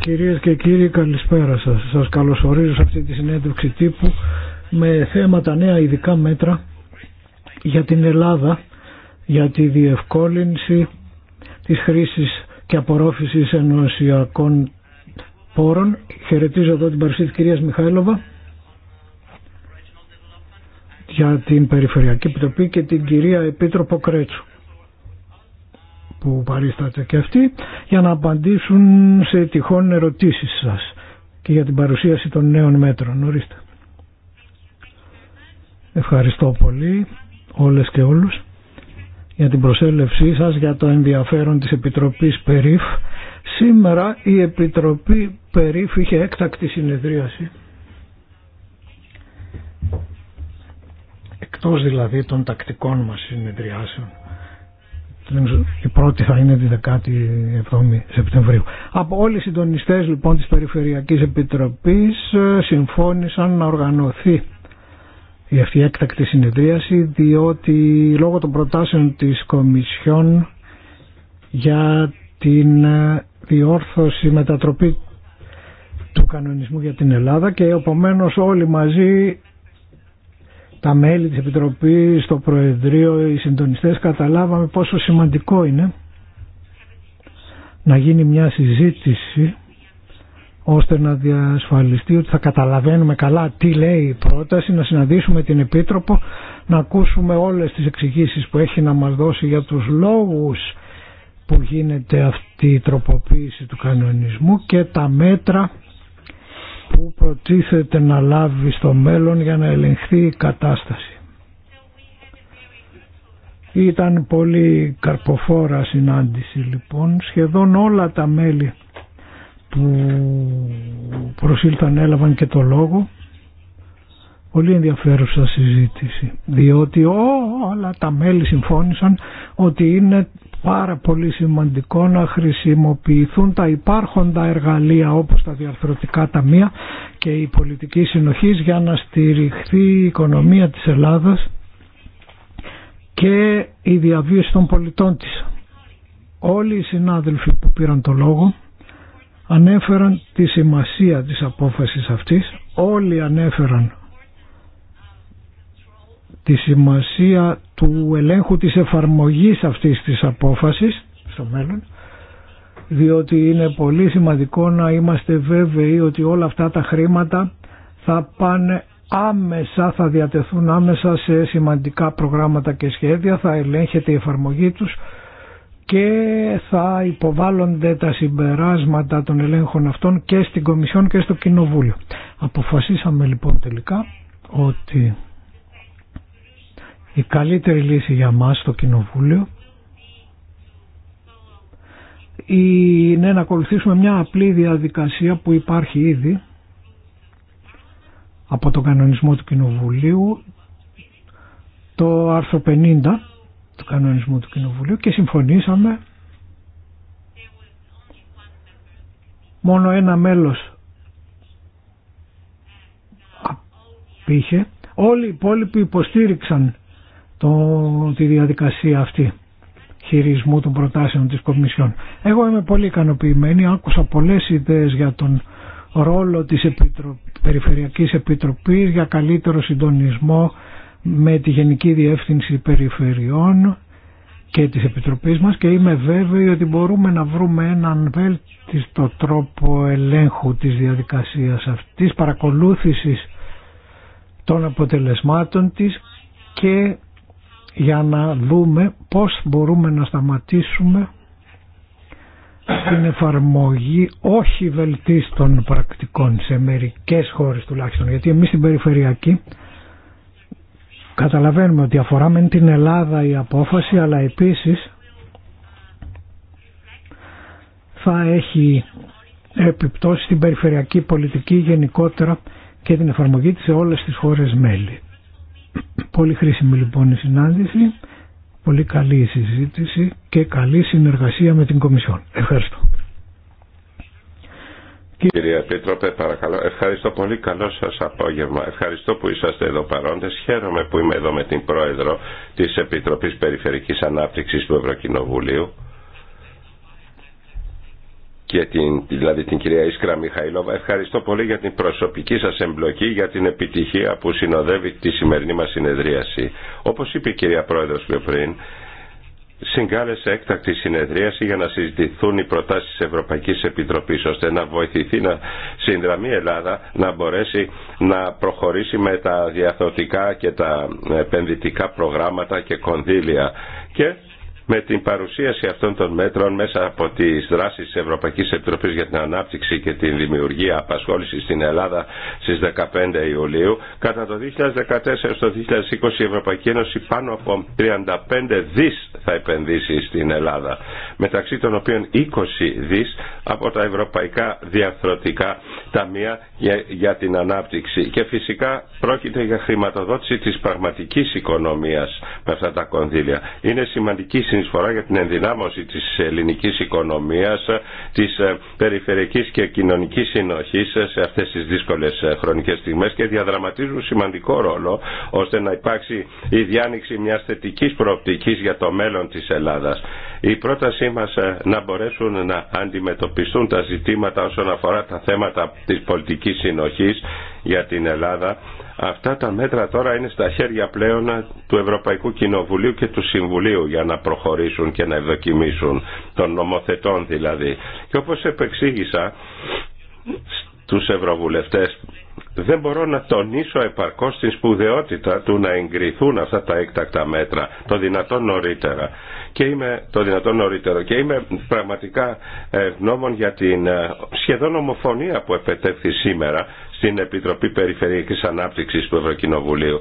Κυρίες και κύριοι καλησπέρα σας. Σας καλωσορίζω σε αυτή τη συνέντευξη τύπου με θέματα νέα ειδικά μέτρα για την Ελλάδα για τη διευκόλυνση της χρήσης και απορρόφησης ενωσιακών πόρων. Χαιρετίζω εδώ την παρουσία της κυρίας Μιχαήλοβα για την Περιφερειακή Επιτροπή και την κυρία Επίτροπο Κρέτσου που παρίσταται και αυτοί για να απαντήσουν σε τυχόν ερωτήσεις σας και για την παρουσίαση των νέων μέτρων. Ορίστε. Ευχαριστώ πολύ όλες και όλους για την προσέλευσή σας, για το ενδιαφέρον της Επιτροπής Περίφ. Σήμερα η Επιτροπή Περίφ είχε έκτακτη συνεδρίαση. Εκτός δηλαδή των τακτικών μας συνεδριάσεων η πρώτη θα είναι τη 17η Σεπτεμβρίου. Από όλοι οι συντονιστές λοιπόν της Περιφερειακής Επιτροπής ε, συμφώνησαν να οργανωθεί η αυτή έκτακτη συνεδρίαση διότι λόγω των προτάσεων της Κομισιόν για την ε, διόρθωση μετατροπή του κανονισμού για την Ελλάδα και επομένως όλοι μαζί τα μέλη της Επιτροπής, το Προεδρείο, οι συντονιστές καταλάβαμε πόσο σημαντικό είναι να γίνει μια συζήτηση ώστε να διασφαλιστεί ότι θα καταλαβαίνουμε καλά τι λέει η πρόταση, να συναντήσουμε την Επίτροπο, να ακούσουμε όλες τις εξηγήσει που έχει να μας δώσει για τους λόγους που γίνεται αυτή η τροποποίηση του κανονισμού και τα μέτρα που προτίθεται να λάβει στο μέλλον για να ελεγχθεί η κατάσταση. Ήταν πολύ καρποφόρα συνάντηση λοιπόν. Σχεδόν όλα τα μέλη που προσήλθαν έλαβαν και το λόγο πολύ ενδιαφέρουσα συζήτηση διότι όλα τα μέλη συμφώνησαν ότι είναι πάρα πολύ σημαντικό να χρησιμοποιηθούν τα υπάρχοντα εργαλεία όπως τα διαρθρωτικά ταμεία και η πολιτική συνοχής για να στηριχθεί η οικονομία της Ελλάδας και η διαβίωση των πολιτών της. Όλοι οι συνάδελφοι που πήραν το λόγο ανέφεραν τη σημασία της απόφασης αυτής, όλοι ανέφεραν τη σημασία του ελέγχου της εφαρμογής αυτής της απόφασης στο μέλλον διότι είναι πολύ σημαντικό να είμαστε βέβαιοι ότι όλα αυτά τα χρήματα θα πάνε άμεσα, θα διατεθούν άμεσα σε σημαντικά προγράμματα και σχέδια, θα ελέγχεται η εφαρμογή τους και θα υποβάλλονται τα συμπεράσματα των ελέγχων αυτών και στην Κομισιόν και στο Κοινοβούλιο. Αποφασίσαμε λοιπόν τελικά ότι η καλύτερη λύση για μας στο Κοινοβούλιο είναι να ακολουθήσουμε μια απλή διαδικασία που υπάρχει ήδη από τον κανονισμό του Κοινοβουλίου το άρθρο 50 του κανονισμού του Κοινοβουλίου και συμφωνήσαμε μόνο ένα μέλος απήχε όλοι οι υπόλοιποι υποστήριξαν το, τη διαδικασία αυτή χειρισμού των προτάσεων της Κομισιόν. Εγώ είμαι πολύ ικανοποιημένη, άκουσα πολλές ιδέες για τον ρόλο της Επιτροπ... Περιφερειακής Επιτροπής για καλύτερο συντονισμό με τη Γενική Διεύθυνση Περιφερειών και της Επιτροπής μας και είμαι βέβαιη ότι μπορούμε να βρούμε έναν βέλτιστο τρόπο ελέγχου της διαδικασίας αυτής, παρακολούθησης των αποτελεσμάτων της και για να δούμε πώς μπορούμε να σταματήσουμε την εφαρμογή όχι βελτίστων πρακτικών σε μερικές χώρες τουλάχιστον γιατί εμείς στην περιφερειακή καταλαβαίνουμε ότι αφορά με την Ελλάδα η απόφαση αλλά επίσης θα έχει επιπτώσει στην περιφερειακή πολιτική γενικότερα και την εφαρμογή της σε όλες τις χώρες μέλη. Πολύ χρήσιμη λοιπόν η συνάντηση, πολύ καλή η συζήτηση και καλή συνεργασία με την Κομισιόν. Ευχαριστώ. Κυρία Επίτροπε, παρακαλώ. Ευχαριστώ πολύ. Καλό σας απόγευμα. Ευχαριστώ που είσαστε εδώ παρόντε. Χαίρομαι που είμαι εδώ με την Πρόεδρο της Επιτροπής Περιφερική Ανάπτυξης του Ευρωκοινοβουλίου και την, δηλαδή την κυρία Ίσκρα Μιχαηλόβα. Ευχαριστώ πολύ για την προσωπική σας εμπλοκή, για την επιτυχία που συνοδεύει τη σημερινή μας συνεδρίαση. Όπως είπε η κυρία Πρόεδρος πιο πριν, συγκάλεσε έκτακτη συνεδρίαση για να συζητηθούν οι προτάσεις της Ευρωπαϊκής Επιτροπής ώστε να βοηθηθεί να συνδραμεί η Ελλάδα να μπορέσει να προχωρήσει με τα διαθωτικά και τα επενδυτικά προγράμματα και κονδύλια και με την παρουσίαση αυτών των μέτρων μέσα από τις δράσεις τη Ευρωπαϊκής Επιτροπής για την Ανάπτυξη και την Δημιουργία Απασχόλησης στην Ελλάδα στις 15 Ιουλίου, κατά το 2014 στο 2020 η Ευρωπαϊκή Ένωση πάνω από 35 δις θα επενδύσει στην Ελλάδα, μεταξύ των οποίων 20 δις από τα ευρωπαϊκά Διαρθρωτικά ταμεία για την ανάπτυξη. Και φυσικά πρόκειται για χρηματοδότηση της πραγματικής οικονομίας με αυτά τα κονδύλια. Είναι σημαντική συνεισφορά για την ενδυνάμωση της ελληνικής οικονομίας, της ε, περιφερειακής και κοινωνικής συνοχής σε αυτές τις δύσκολες ε, χρονικές στιγμές και διαδραματίζουν σημαντικό ρόλο ώστε να υπάρξει η διάνοιξη μιας θετικής προοπτικής για το μέλλον της Ελλάδας η πρότασή μας ε, να μπορέσουν να αντιμετωπιστούν τα ζητήματα όσον αφορά τα θέματα της πολιτικής συνοχής για την Ελλάδα. Αυτά τα μέτρα τώρα είναι στα χέρια πλέον του Ευρωπαϊκού Κοινοβουλίου και του Συμβουλίου για να προχωρήσουν και να ευδοκιμήσουν των νομοθετών δηλαδή. Και όπως επεξήγησα τους Ευρωβουλευτές δεν μπορώ να τονίσω επαρκώς την σπουδαιότητα του να εγκριθούν αυτά τα έκτακτα μέτρα το δυνατόν νωρίτερα και είμαι το δυνατόν νωρίτερο και είμαι πραγματικά ε, ευγνώμων για την ε, σχεδόν ομοφωνία που επετεύχθη σήμερα στην Επιτροπή Περιφερειακής Ανάπτυξης του Ευρωκοινοβουλίου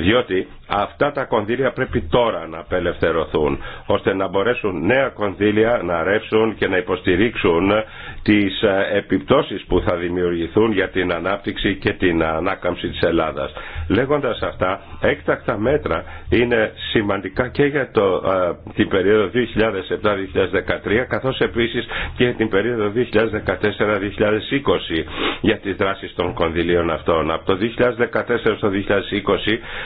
διότι αυτά τα κονδύλια πρέπει τώρα να απελευθερωθούν ώστε να μπορέσουν νέα κονδύλια να ρεύσουν και να υποστηρίξουν τις ε, επιπτώσεις που θα δημιουργηθούν για την ανάπτυξη και την ανάκαμψη της Ελλάδας. Λέγοντας αυτά, έκτακτα μέτρα είναι σημαντικά και για το, ε, την περίοδο 2007-2013 καθώς επίσης και για την περίοδο 2014-2020 για τις δράσεις των κονδυλίων αυτών. Από το 2014 στο 2020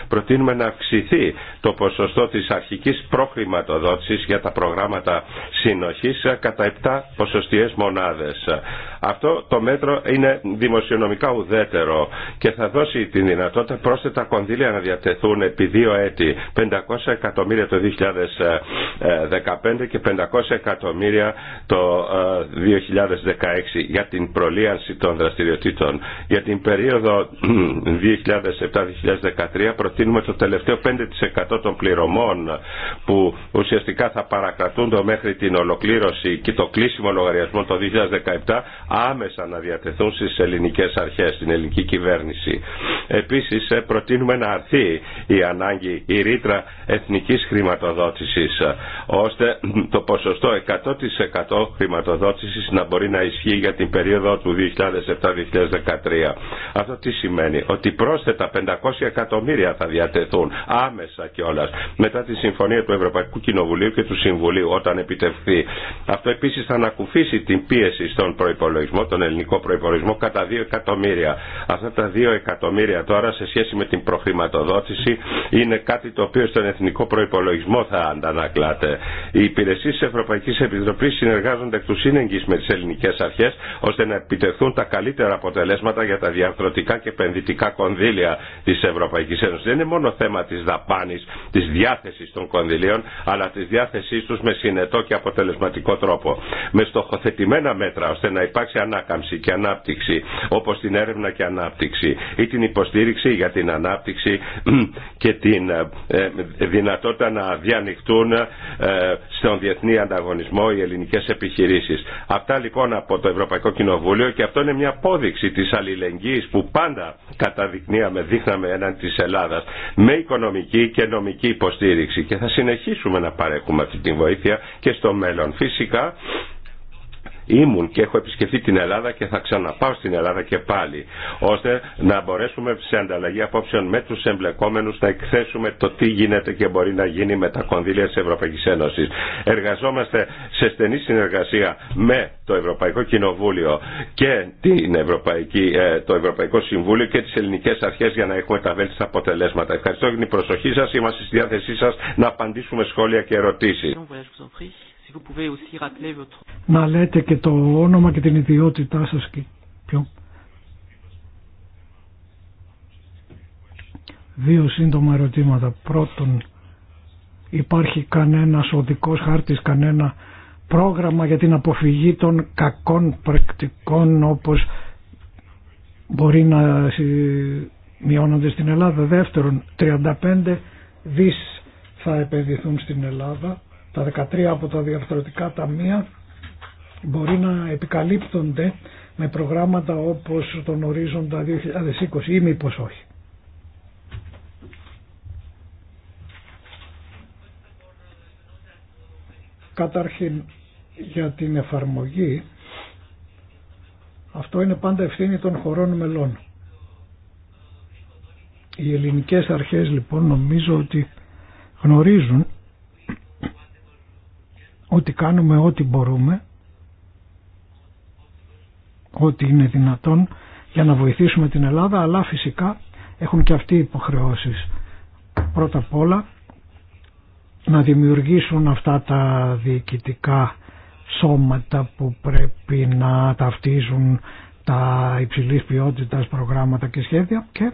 προτείνουμε να αυξηθεί το ποσοστό της αρχικής προχρηματοδότησης για τα προγράμματα συνοχής ε, κατά 7 ποσοστιαίες μονάδες. Αυτό το μέτρο είναι δημοσιονομικά ουδέτερο και θα δώσει τη δυνατότητα πρόσθετα κονδύλια να διατεθούν επί δύο έτη. 500 εκατομμύρια το 2015 και 500 εκατομμύρια το 2016 ε, για την προλίανση των δραστηριοτήτων. Για την περίοδο 2007-2013 ε, προτείνουμε το τελευταίο 5% των πληρωμών που ουσιαστικά θα παρακρατούν το μέχρι την ολοκλήρωση και το κλείσιμο λογαριασμό το 2017 άμεσα να διατεθούν στις ελληνικές αρχές, στην ελληνική κυβέρνηση. Επίσης ε, προτείνουμε να αρθεί η ανάγκη, η ρήτρα εθνικής χρηματοδότησης, ε, ώστε το ποσοστό 100% χρηματοδότησης να μπορεί να ισχύει για την περίοδο του 2007-2013. Αυτό τι σημαίνει, ότι πρόσθετα 500 εκατομμύρια θα διατεθούν άμεσα κιόλα μετά τη συμφωνία του Ευρωπαϊκού Κοινοβουλίου και του Συμβουλίου όταν επιτευχθεί. Αυτό επίσης θα ανακουφίσει την πίεση στον προϋπολογισμό προπολογισμό, τον ελληνικό προπολογισμό, κατά 2 εκατομμύρια. Αυτά τα 2 εκατομμύρια τώρα σε σχέση με την προχρηματοδότηση είναι κάτι το οποίο στον εθνικό προπολογισμό θα αντανακλάται. Οι υπηρεσίε τη Ευρωπαϊκή Επιτροπή συνεργάζονται εκ του σύνεγγυ με τι ελληνικέ αρχέ ώστε να επιτεθούν τα καλύτερα αποτελέσματα για τα διαρθρωτικά και επενδυτικά κονδύλια τη Ευρωπαϊκή Ένωση. Δεν είναι μόνο θέμα τη δαπάνη, τη διάθεση των κονδυλίων, αλλά τη διάθεσή του με συνετό και αποτελεσματικό τρόπο. Με στοχοθετημένα μέτρα ώστε να υπάρξει σε ανάκαμψη και ανάπτυξη όπως την έρευνα και ανάπτυξη ή την υποστήριξη για την ανάπτυξη και την ε, δυνατότητα να διανοιχτούν ε, στον διεθνή ανταγωνισμό οι ελληνικές επιχειρήσεις. Αυτά λοιπόν από το Ευρωπαϊκό Κοινοβούλιο και αυτό είναι μια απόδειξη της αλληλεγγύης που πάντα καταδεικνύαμε, δείχναμε έναν της Ελλάδας με οικονομική και νομική υποστήριξη και θα συνεχίσουμε να παρέχουμε αυτή τη βοήθεια και στο μέλλον. Φυσικά ήμουν και έχω επισκεφθεί την Ελλάδα και θα ξαναπάω στην Ελλάδα και πάλι, ώστε να μπορέσουμε σε ανταλλαγή απόψεων με του εμπλεκόμενου να εκθέσουμε το τι γίνεται και μπορεί να γίνει με τα κονδύλια της Ευρωπαϊκής Ένωσης. Εργαζόμαστε σε στενή συνεργασία με το Ευρωπαϊκό Κοινοβούλιο και την Ευρωπαϊκή, ε, το Ευρωπαϊκό Συμβούλιο και τις ελληνικές αρχές για να έχουμε τα βέλτιστα αποτελέσματα. Ευχαριστώ για την προσοχή σας. Είμαστε στη διάθεσή σας να απαντήσουμε σχόλια και ερωτήσει. Να λέτε και το όνομα και την ιδιότητά σας και Δύο σύντομα ερωτήματα. Πρώτον, υπάρχει κανένας οδικός χάρτης, κανένα πρόγραμμα για την αποφυγή των κακών πρακτικών όπως μπορεί να μειώνονται στην Ελλάδα. Δεύτερον, 35 δις θα επενδυθούν στην Ελλάδα τα 13 από τα διαρθρωτικά ταμεία μπορεί να επικαλύπτονται με προγράμματα όπως τον ορίζοντα 2020 ή μήπω όχι. Καταρχήν για την εφαρμογή αυτό είναι πάντα ευθύνη των χωρών μελών. Οι ελληνικές αρχές λοιπόν νομίζω ότι γνωρίζουν ότι κάνουμε ό,τι μπορούμε, ό,τι είναι δυνατόν για να βοηθήσουμε την Ελλάδα, αλλά φυσικά έχουν και αυτοί υποχρεώσεις. Πρώτα απ' όλα να δημιουργήσουν αυτά τα διοικητικά σώματα που πρέπει να ταυτίζουν τα υψηλής ποιότητας προγράμματα και σχέδια και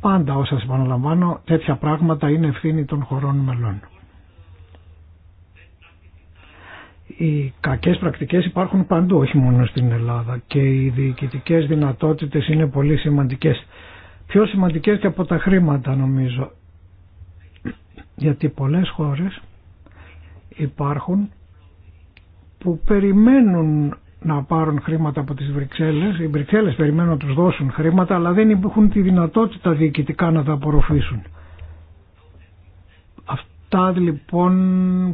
πάντα όσα επαναλαμβάνω τέτοια πράγματα είναι ευθύνη των χωρών μελών. οι κακές πρακτικές υπάρχουν παντού, όχι μόνο στην Ελλάδα και οι διοικητικέ δυνατότητες είναι πολύ σημαντικές. Πιο σημαντικές και από τα χρήματα νομίζω. Γιατί πολλές χώρες υπάρχουν που περιμένουν να πάρουν χρήματα από τις Βρυξέλλες. Οι Βρυξέλλες περιμένουν να τους δώσουν χρήματα αλλά δεν έχουν τη δυνατότητα διοικητικά να τα απορροφήσουν αυτά λοιπόν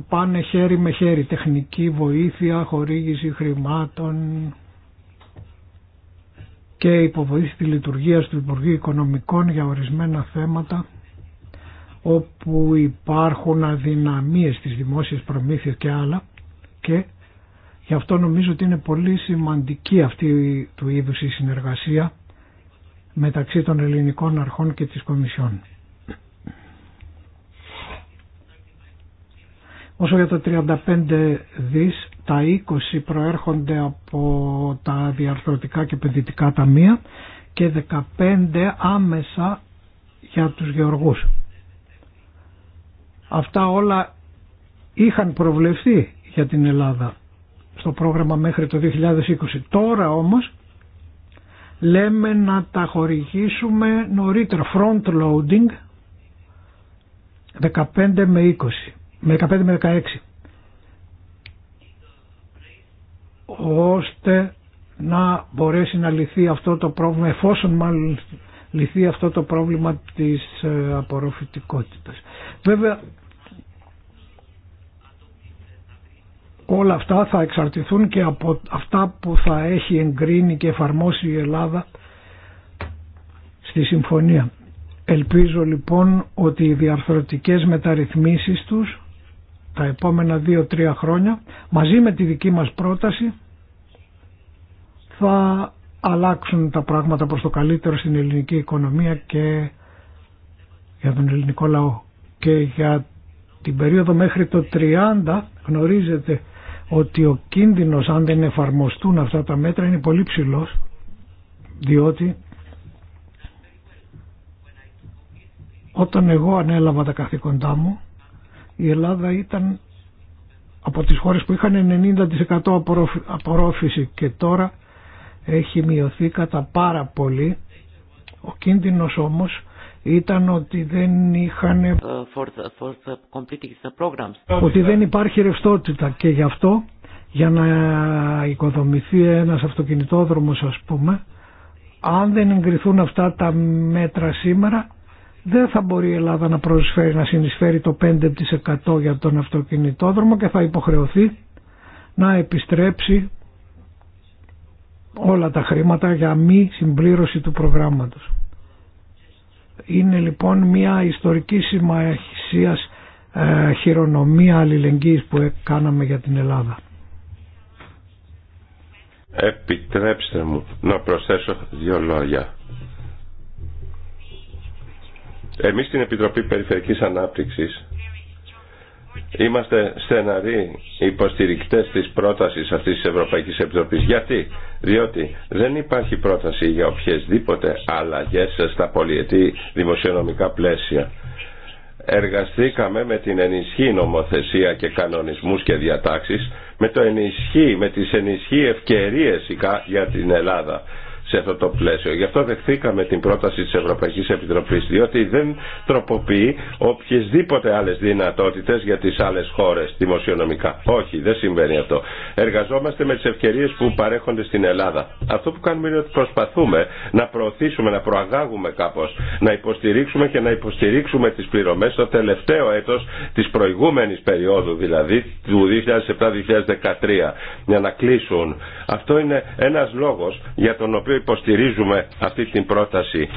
πάνε χέρι με χέρι, τεχνική βοήθεια, χορήγηση χρημάτων και υποβοήθηση τη λειτουργία του Υπουργείου Οικονομικών για ορισμένα θέματα όπου υπάρχουν αδυναμίες στις δημόσιες προμήθειες και άλλα και γι' αυτό νομίζω ότι είναι πολύ σημαντική αυτή του είδους η συνεργασία μεταξύ των ελληνικών αρχών και της Κομισιόν. Όσο για τα 35 δις, τα 20 προέρχονται από τα διαρθρωτικά και παιδιτικά ταμεία και 15 άμεσα για τους γεωργούς. Αυτά όλα είχαν προβλεφθεί για την Ελλάδα στο πρόγραμμα μέχρι το 2020. Τώρα όμως λέμε να τα χορηγήσουμε νωρίτερα, front loading 15 με 20 με 15 με 16 ώστε να μπορέσει να λυθεί αυτό το πρόβλημα εφόσον μάλλον λυθεί αυτό το πρόβλημα της ε, απορροφητικότητας. Βέβαια όλα αυτά θα εξαρτηθούν και από αυτά που θα έχει εγκρίνει και εφαρμόσει η Ελλάδα στη συμφωνία. Ελπίζω λοιπόν ότι οι διαρθρωτικές μεταρρυθμίσεις τους τα επόμενα δύο-τρία χρόνια μαζί με τη δική μας πρόταση θα αλλάξουν τα πράγματα προς το καλύτερο στην ελληνική οικονομία και για τον ελληνικό λαό και για την περίοδο μέχρι το 30 γνωρίζετε ότι ο κίνδυνος αν δεν εφαρμοστούν αυτά τα μέτρα είναι πολύ ψηλός διότι όταν εγώ ανέλαβα τα καθήκοντά μου η Ελλάδα ήταν από τις χώρες που είχαν 90% απορρόφηση και τώρα έχει μειωθεί κατά πάρα πολύ. Ο κίνδυνος όμως ήταν ότι δεν είχαν ε, ότι δεν υπάρχει ρευστότητα και γι' αυτό για να οικοδομηθεί ένας αυτοκινητόδρομος ας πούμε αν δεν εγκριθούν αυτά τα μέτρα σήμερα δεν θα μπορεί η Ελλάδα να προσφέρει να συνεισφέρει το 5% για τον αυτοκινητόδρομο και θα υποχρεωθεί να επιστρέψει όλα τα χρήματα για μη συμπλήρωση του προγράμματος. Είναι λοιπόν μια ιστορική σημασία ε, χειρονομία αλληλεγγύης που κάναμε για την Ελλάδα. Επιτρέψτε μου να προσθέσω δύο λόγια εμείς στην Επιτροπή Περιφερικής Ανάπτυξης είμαστε στεναροί υποστηρικτές της πρότασης αυτής της Ευρωπαϊκής Επιτροπής. Γιατί? Διότι δεν υπάρχει πρόταση για οποιασδήποτε αλλαγές στα πολιετή δημοσιονομικά πλαίσια. Εργαστήκαμε με την ενισχύ νομοθεσία και κανονισμούς και διατάξεις, με, το ενισχύ, με τις ενισχύ ευκαιρίες για την Ελλάδα σε αυτό το πλαίσιο. Γι' αυτό δεχθήκαμε την πρόταση της Ευρωπαϊκής Επιτροπής, διότι δεν τροποποιεί οποιασδήποτε άλλες δυνατότητες για τις άλλες χώρες δημοσιονομικά. Όχι, δεν συμβαίνει αυτό. Εργαζόμαστε με τις ευκαιρίες που παρέχονται στην Ελλάδα. Αυτό που κάνουμε είναι ότι προσπαθούμε να προωθήσουμε, να προαγάγουμε κάπως, να υποστηρίξουμε και να υποστηρίξουμε τις πληρωμές στο τελευταίο έτος της προηγούμενης περίοδου, δηλαδή του 2007-2013, για να κλείσουν. Αυτό είναι ένας λόγος για τον οποίο υποστηρίζουμε αυτή την πρόταση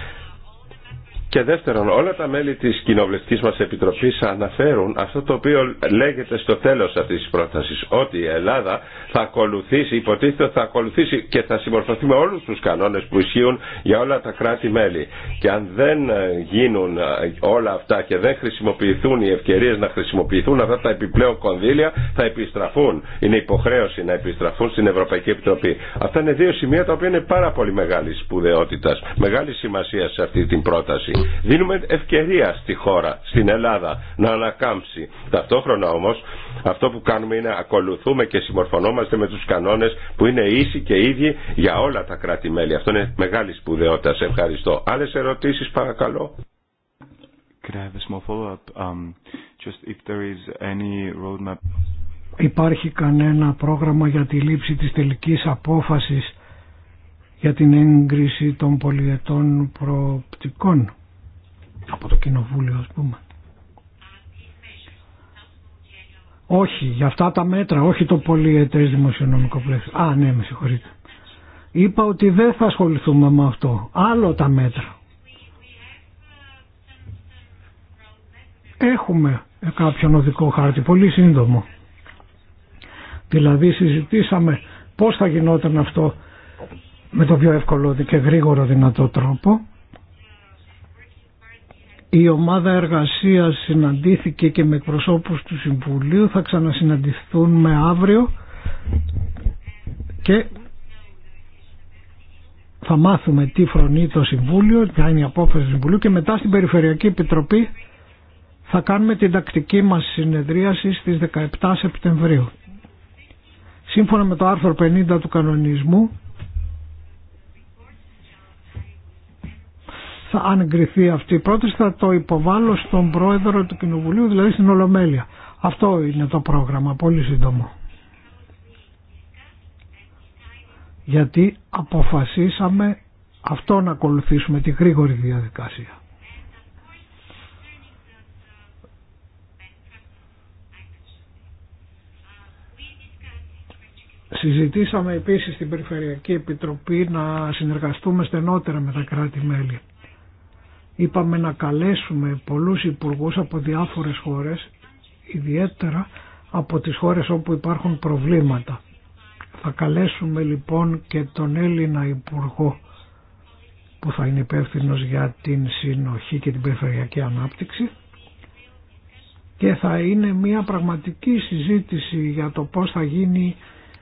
και δεύτερον, όλα τα μέλη της κοινοβουλευτικής μας επιτροπής αναφέρουν αυτό το οποίο λέγεται στο τέλος αυτής της πρότασης, ότι η Ελλάδα θα ακολουθήσει, υποτίθεται θα ακολουθήσει και θα συμμορφωθεί με όλους τους κανόνες που ισχύουν για όλα τα κράτη-μέλη. Και αν δεν ε, γίνουν ε, όλα αυτά και δεν χρησιμοποιηθούν οι ευκαιρίες να χρησιμοποιηθούν αυτά τα επιπλέον κονδύλια, θα επιστραφούν. Είναι υποχρέωση να επιστραφούν στην Ευρωπαϊκή Επιτροπή. Αυτά είναι δύο σημεία τα οποία είναι πάρα πολύ μεγάλη σπουδαιότητα, μεγάλη σημασία σε αυτή την πρόταση. Δίνουμε ευκαιρία στη χώρα, στην Ελλάδα, να ανακάμψει. Ταυτόχρονα όμως αυτό που κάνουμε είναι ακολουθούμε και συμμορφωνόμαστε με τους κανόνες που είναι ίσοι και ίδιοι για όλα τα κράτη-μέλη. Αυτό είναι μεγάλη σπουδαιότητα. Σε ευχαριστώ. Άλλε ερωτήσεις παρακαλώ. Um, Υπάρχει κανένα πρόγραμμα για τη λήψη της τελικής απόφασης για την έγκριση των πολιετών προοπτικών από το κοινοβούλιο ας πούμε. Όχι, για αυτά τα μέτρα, όχι το πολυετές δημοσιονομικό πλαίσιο. Α, ναι, με συγχωρείτε. Είπα ότι δεν θα ασχοληθούμε με αυτό. Άλλο τα μέτρα. Έχουμε κάποιον οδικό χάρτη, πολύ σύντομο. Δηλαδή συζητήσαμε πώς θα γινόταν αυτό με το πιο εύκολο και γρήγορο δυνατό τρόπο η ομάδα εργασίας συναντήθηκε και με εκπροσώπους του Συμβουλίου, θα ξανασυναντηθούν με αύριο και θα μάθουμε τι φρονεί το Συμβούλιο, ποια είναι η απόφαση του Συμβουλίου και μετά στην Περιφερειακή Επιτροπή θα κάνουμε την τακτική μας συνεδρίαση στις 17 Σεπτεμβρίου. Σύμφωνα με το άρθρο 50 του κανονισμού θα, αν αυτή η πρόταση θα το υποβάλω στον πρόεδρο του Κοινοβουλίου, δηλαδή στην Ολομέλεια. Αυτό είναι το πρόγραμμα, πολύ σύντομο. Γιατί αποφασίσαμε αυτό να ακολουθήσουμε, τη γρήγορη διαδικασία. Συζητήσαμε επίσης στην Περιφερειακή Επιτροπή να συνεργαστούμε στενότερα με τα κράτη-μέλη είπαμε να καλέσουμε πολλούς υπουργούς από διάφορες χώρες, ιδιαίτερα από τις χώρες όπου υπάρχουν προβλήματα. Θα καλέσουμε λοιπόν και τον Έλληνα Υπουργό που θα είναι υπεύθυνο για την συνοχή και την περιφερειακή ανάπτυξη και θα είναι μια πραγματική συζήτηση για το πώς θα γίνει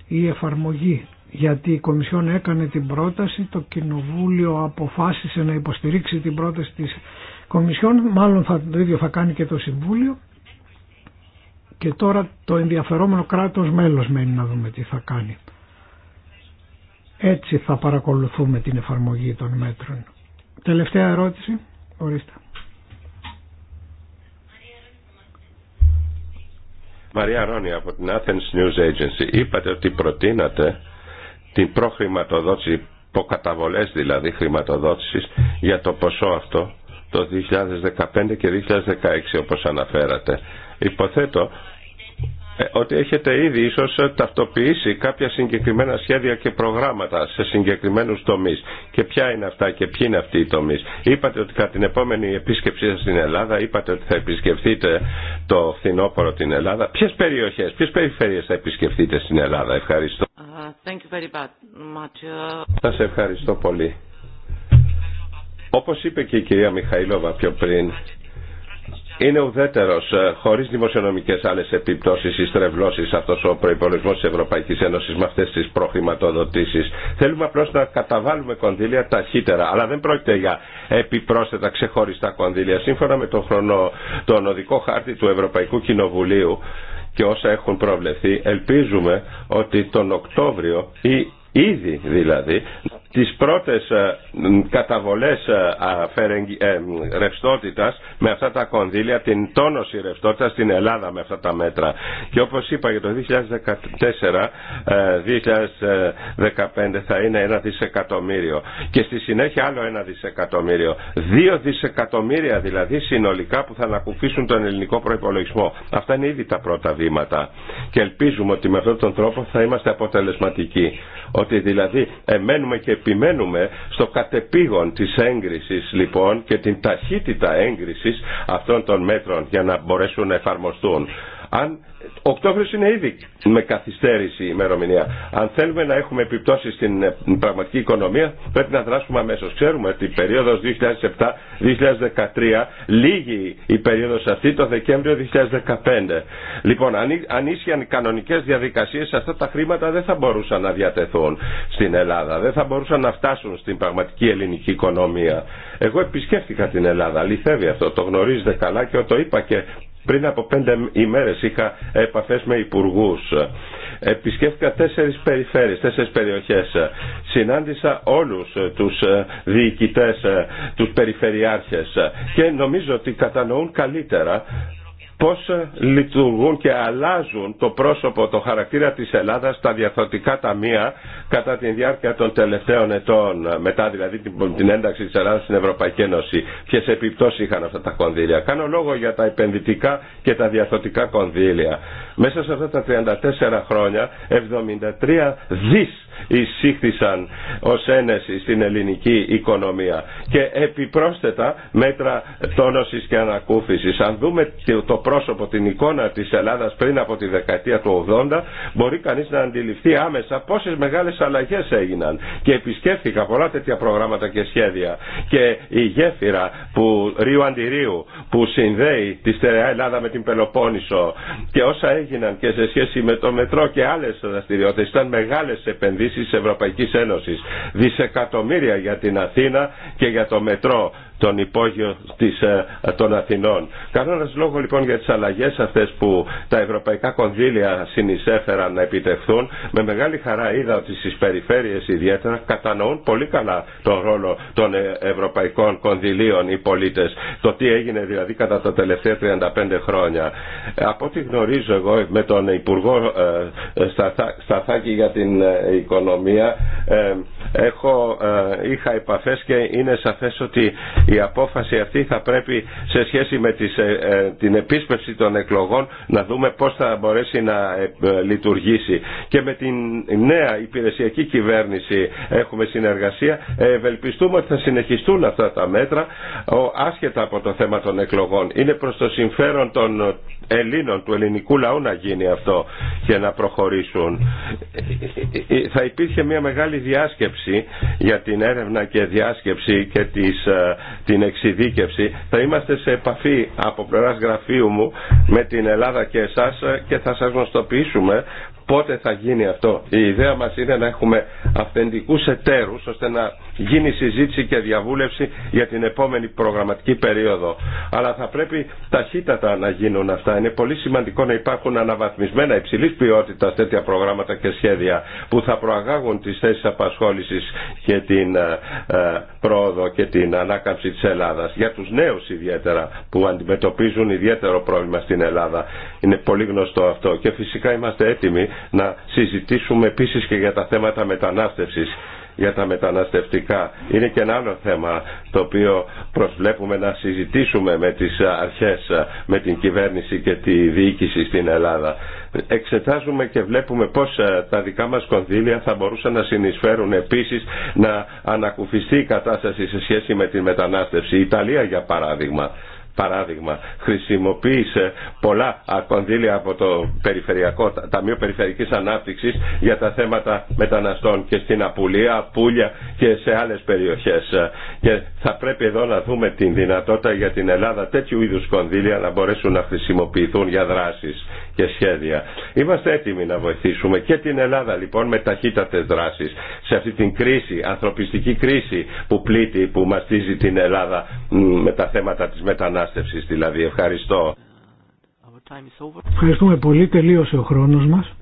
η εφαρμογή γιατί η Κομισιόν έκανε την πρόταση, το Κοινοβούλιο αποφάσισε να υποστηρίξει την πρόταση της Κομισιόν, μάλλον θα, το ίδιο θα κάνει και το Συμβούλιο και τώρα το ενδιαφερόμενο κράτος μέλος μένει να δούμε τι θα κάνει. Έτσι θα παρακολουθούμε την εφαρμογή των μέτρων. Τελευταία ερώτηση, ορίστε. Μαρία Ρόνια από την Athens News Agency είπατε ότι προτείνατε την προχρηματοδότηση, υποκαταβολές δηλαδή χρηματοδότησης για το ποσό αυτό το 2015 και 2016 όπως αναφέρατε. Υποθέτω ε, ότι έχετε ήδη ίσως ταυτοποιήσει κάποια συγκεκριμένα σχέδια και προγράμματα σε συγκεκριμένους τομείς και ποια είναι αυτά και ποιοι είναι αυτοί οι τομείς. Είπατε ότι κατά την επόμενη επίσκεψή σας στην Ελλάδα είπατε ότι θα επισκεφθείτε το φθινόπωρο την Ελλάδα. Ποιες περιοχές, ποιες περιφέρειες θα επισκεφθείτε στην Ελλάδα. Ευχαριστώ. Thank you very much. Uh, ευχαριστώ πολύ. Όπως είπε και η κυρία Μιχαηλόβα πιο πριν, είναι ουδέτερο ε, χωρί δημοσιονομικέ άλλε επιπτώσεις ή στρεβλώσεις αυτό ο προπολογισμό της Ευρωπαϊκής Ένωσης με αυτές τις προχρηματοδοτήσει, Θέλουμε απλώ να καταβάλουμε κονδύλια ταχύτερα, αλλά δεν πρόκειται για επιπρόσθετα ξεχωριστά κονδύλια. Σύμφωνα με τον, χρονο, τον οδικό χάρτη του Ευρωπαϊκού Κοινοβουλίου, και όσα έχουν προβλεφθεί ελπίζουμε ότι τον Οκτώβριο ή ήδη δηλαδή τις πρώτες ε, καταβολές ε, ε, ρευστότητας με αυτά τα κονδύλια, την τόνωση ρευστότητα στην Ελλάδα με αυτά τα μέτρα. Και όπως είπα για το 2014-2015 θα είναι ένα δισεκατομμύριο και στη συνέχεια άλλο ένα δισεκατομμύριο. Δύο δισεκατομμύρια δηλαδή συνολικά που θα ανακουφίσουν τον ελληνικό προϋπολογισμό. Αυτά είναι ήδη τα πρώτα βήματα και ελπίζουμε ότι με αυτόν τον τρόπο θα είμαστε αποτελεσματικοί. Ότι δηλαδή εμένουμε και επιμένουμε στο κατεπήγον της έγκρισης λοιπόν και την ταχύτητα έγκρισης αυτών των μέτρων για να μπορέσουν να εφαρμοστούν. Αν Οκτώβριο είναι ήδη με καθυστέρηση η ημερομηνία. Αν θέλουμε να έχουμε επιπτώσει στην ε, πραγματική οικονομία, πρέπει να δράσουμε αμέσω. Ξέρουμε ότι η περίοδο 2007-2013 λύγει η περίοδο αυτή το Δεκέμβριο 2015. Λοιπόν, αν ίσχυαν οι κανονικέ διαδικασίε, αυτά τα χρήματα δεν θα μπορούσαν να διατεθούν στην Ελλάδα. Δεν θα μπορούσαν να φτάσουν στην πραγματική ελληνική οικονομία. Εγώ επισκέφτηκα την Ελλάδα. Αληθεύει αυτό. Το γνωρίζετε καλά και το είπα και πριν από πέντε ημέρες είχα επαφές με υπουργούς. Επισκέφθηκα τέσσερις περιφέρειες, τέσσερις περιοχές. Συνάντησα όλους τους ε, διοικητές, ε, τους περιφερειάρχες και νομίζω ότι κατανοούν καλύτερα πώς λειτουργούν και αλλάζουν το πρόσωπο, το χαρακτήρα της Ελλάδας στα διαθωτικά ταμεία κατά τη διάρκεια των τελευταίων ετών, μετά δηλαδή την ένταξη της Ελλάδας στην Ευρωπαϊκή Ένωση. Ποιες επιπτώσεις είχαν αυτά τα κονδύλια. Κάνω λόγο για τα επενδυτικά και τα διαθωτικά κονδύλια. Μέσα σε αυτά τα 34 χρόνια 73 δις εισήχθησαν ως ένεση στην ελληνική οικονομία και επιπρόσθετα μέτρα τόνωσης και ανακούφισης. Αν δούμε το πρόσωπο, την εικόνα της Ελλάδας πριν από τη δεκαετία του 80 μπορεί κανείς να αντιληφθεί άμεσα πόσες μεγάλες αλλαγές έγιναν και επισκέφθηκα πολλά τέτοια προγράμματα και σχέδια και η γέφυρα που Ρίου Αντιρίου που συνδέει τη στερεά Ελλάδα με την Πελοπόννησο και όσα έγιναν και σε σχέση με το μετρό και άλλες δραστηριότητε. ήταν μεγάλες επενδύσεις της Ευρωπαϊκής Ένωσης δισεκατομμύρια για την Αθήνα και για το μετρό τον υπόγειο της, ε, των Αθηνών. Κανόνα λόγο λοιπόν για τι αλλαγέ αυτέ που τα ευρωπαϊκά κονδύλια συνεισέφεραν να επιτευχθούν με μεγάλη χαρά είδα ότι στι περιφέρειε ιδιαίτερα κατανοούν πολύ καλά τον ρόλο των ε, ευρωπαϊκών κονδυλίων οι πολίτε, Το τι έγινε δηλαδή κατά τα τελευταία 35 χρόνια. Από ό,τι γνωρίζω εγώ με τον Υπουργό ε, Σταθάκη για την Οικονομία έχω, είχα επαφέ και είναι σαφέ ότι η απόφαση αυτή θα πρέπει σε σχέση με τις, ε, ε, την επίσπευση των εκλογών να δούμε πώς θα μπορέσει να ε, λειτουργήσει. Και με την νέα υπηρεσιακή κυβέρνηση έχουμε συνεργασία. Ευελπιστούμε ότι θα συνεχιστούν αυτά τα μέτρα άσχετα από το θέμα των εκλογών. Είναι προς το συμφέρον των Ελλήνων, του ελληνικού λαού να γίνει αυτό και να προχωρήσουν. Θα υπήρχε μια μεγάλη διάσκεψη για την έρευνα και διάσκεψη και τις την εξειδίκευση. Θα είμαστε σε επαφή από πλευρά γραφείου μου με την Ελλάδα και εσάς και θα σας γνωστοποιήσουμε Πότε θα γίνει αυτό. Η ιδέα μας είναι να έχουμε αυθεντικούς εταίρους ώστε να γίνει συζήτηση και διαβούλευση για την επόμενη προγραμματική περίοδο. Αλλά θα πρέπει ταχύτατα να γίνουν αυτά. Είναι πολύ σημαντικό να υπάρχουν αναβαθμισμένα υψηλή ποιότητα τέτοια προγράμματα και σχέδια που θα προαγάγουν τις θέσεις απασχόλησης και την ε, ε, πρόοδο και την ανάκαμψη της Ελλάδας. Για τους νέους ιδιαίτερα που αντιμετωπίζουν ιδιαίτερο πρόβλημα στην Ελλάδα. Είναι πολύ γνωστό αυτό και φυσικά είμαστε έτοιμοι να συζητήσουμε επίσης και για τα θέματα μετανάστευσης για τα μεταναστευτικά. Είναι και ένα άλλο θέμα το οποίο προσβλέπουμε να συζητήσουμε με τις αρχές, με την κυβέρνηση και τη διοίκηση στην Ελλάδα. Εξετάζουμε και βλέπουμε πώς ε, τα δικά μας κονδύλια θα μπορούσαν να συνεισφέρουν επίσης να ανακουφιστεί η κατάσταση σε σχέση με την μετανάστευση. Η Ιταλία για παράδειγμα παράδειγμα, χρησιμοποίησε πολλά κονδύλια από το Περιφερειακό Ταμείο Περιφερειακής Ανάπτυξης για τα θέματα μεταναστών και στην Απουλία, Πούλια και σε άλλες περιοχές. Και θα πρέπει εδώ να δούμε την δυνατότητα για την Ελλάδα τέτοιου είδους κονδύλια να μπορέσουν να χρησιμοποιηθούν για δράσεις και σχέδια. Είμαστε έτοιμοι να βοηθήσουμε και την Ελλάδα λοιπόν με ταχύτατες δράσεις σε αυτή την κρίση, ανθρωπιστική κρίση που πλήττει, που μαστίζει την Ελλάδα με τα θέματα της μετανάστευσης μετανάστευσης δηλαδή. Ευχαριστώ. Ευχαριστούμε πολύ. Τελείωσε ο χρόνος μας.